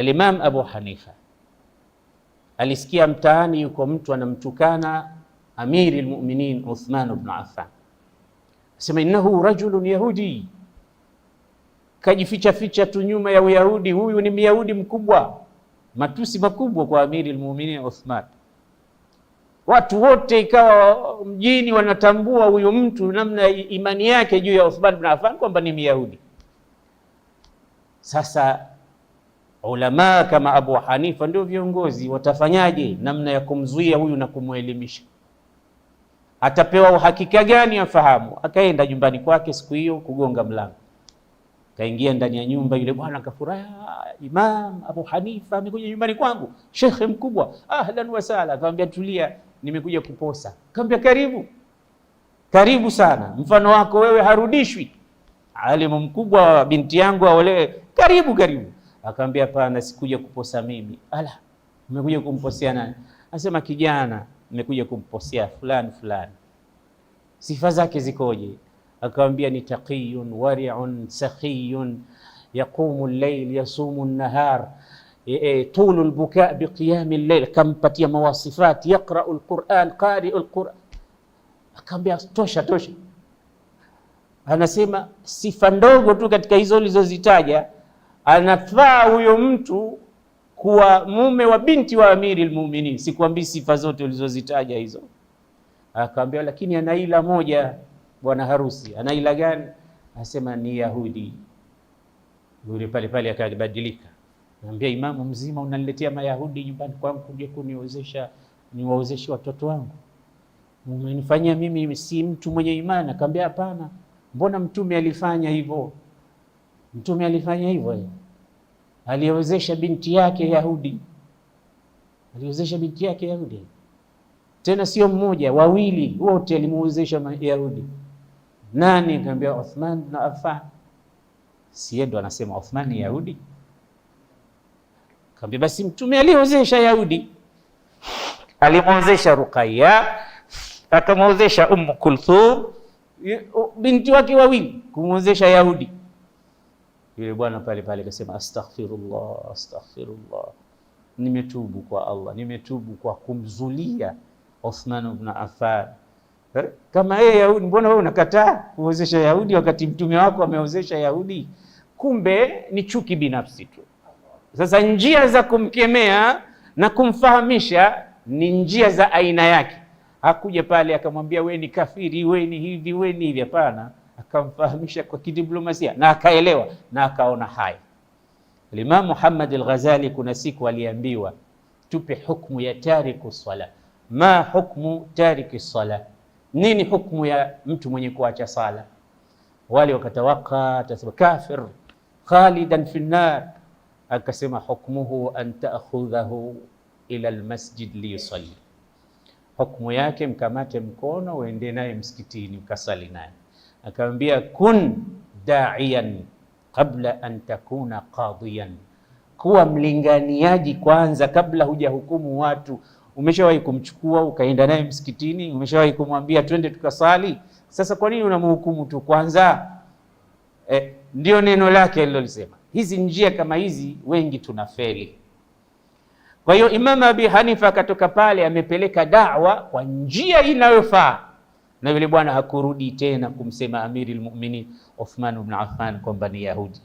Alimam Abu Hanifa alisikia mtaani yuko mtu anamtukana Amiri lmuminin Uthman bnu Affan, asema innahu rajulun yahudi, kajificha ficha tu nyuma ya Uyahudi, huyu ni myahudi mkubwa. Matusi makubwa kwa Amiri lmuminin Uthman. Watu wote ikawa mjini wanatambua huyu mtu, namna imani yake juu ya Uthman bnu Affan kwamba ni myahudi. Sasa Ulama kama Abu Hanifa ndio viongozi, watafanyaje namna ya kumzuia huyu na kumwelimisha? Atapewa uhakika gani afahamu? Akaenda nyumbani kwake siku hiyo, kugonga mlango, kaingia ndani ya nyumba. Yule bwana akafurahi, ah, Imam Abu Hanifa amekuja nyumbani kwangu, shekhe mkubwa, ahlan wasala. Akamwambia tulia, nimekuja kuposa. Akamwambia karibu, karibu sana, mfano wako wewe harudishwi. Alimu mkubwa, binti yangu aolewe, karibu karibu Akamwambia pana sikuja kuposa mimi. Ala, umekuja kumposea nani? Anasema kijana, nimekuja kumposea fulani fulani. Sifa zake zikoje? Akamwambia ni taqiyun wari'un sakhiyun yaqumu al-layl yasumu an-nahar e, e, tulu al-buka bi Kampatia mawasifati yaqra'u lquran quran qari'u al-Qur'an. tosha tosha. Anasema sifa ndogo tu katika hizo ulizozitaja anafaa huyo mtu kuwa mume wa binti wa amiri lmuminin. Sikuambii sifa zote ulizozitaja hizo. akawambia lakini ana ila moja bwana harusi. Ana ila gani? Anasema ni Yahudi. Yule pale pale akabadilika, naambia imamu mzima, unaniletea mayahudi nyumbani kwangu kuja kuniozesha niwaozeshe watoto wangu, umenifanyia mimi si mtu mwenye imani. Akaambia hapana, mbona mtume alifanya hivyo? Mtume alifanya hivyo, aliwezesha binti yake Yahudi, aliwezesha binti yake Yahudi, tena sio mmoja, wawili wote alimuwezesha Yahudi. Nani? Akamwambia Uthman na Affan. Siye ndo anasema Uthman ni Yahudi? Akamwambia basi Mtume aliwezesha Yahudi, alimuwezesha Ruqayya, akamuwezesha Umm Kulthum, binti wake wawili kumwezesha Yahudi yule bwana pale pale akasema astaghfirullah, astaghfirullah, nimetubu kwa Allah, nimetubu kwa kumzulia Uthman ibn Affan. Eh, kama yeye Yahudi, mbona wewe unakataa kuozesha Yahudi wakati mtume wako ameozesha Yahudi? Kumbe ni chuki binafsi tu. Sasa njia za kumkemea na kumfahamisha ni njia za aina yake. Hakuja pale akamwambia we ni kafiri, we ni hivi, we ni hivi. Hapana akamfahamisha kwa kidiplomasia na akaelewa na akaona haya. Imam Muhammad al-Ghazali kuna siku aliambiwa, tupe hukmu ya tariku sala. Ma hukmu tariki sala, nini hukmu ya mtu mwenye kuacha sala? Wale wakatawaka tasema kafir khalidan fi nar, akasema hukmuhu an ta'khudhahu ila almasjid liyusalli, hukmu yake mkamate mkono uende naye msikitini ukasali naye akamwambia kun daian qabla an takuna qadiyan, kuwa mlinganiaji kwanza kabla hujahukumu watu. Umeshawahi kumchukua ukaenda naye msikitini? Umeshawahi kumwambia twende tukasali? Sasa kwa nini unamhukumu tu kwanza? Eh, ndio neno lake alilolisema. Hizi njia kama hizi wengi tunafeli. Kwa hiyo Imam Abi Hanifa akatoka pale amepeleka dawa kwa njia inayofaa na yule bwana hakurudi tena kumsema amiri lmuminin Uthman ibn Affan kwamba ni Yahudi.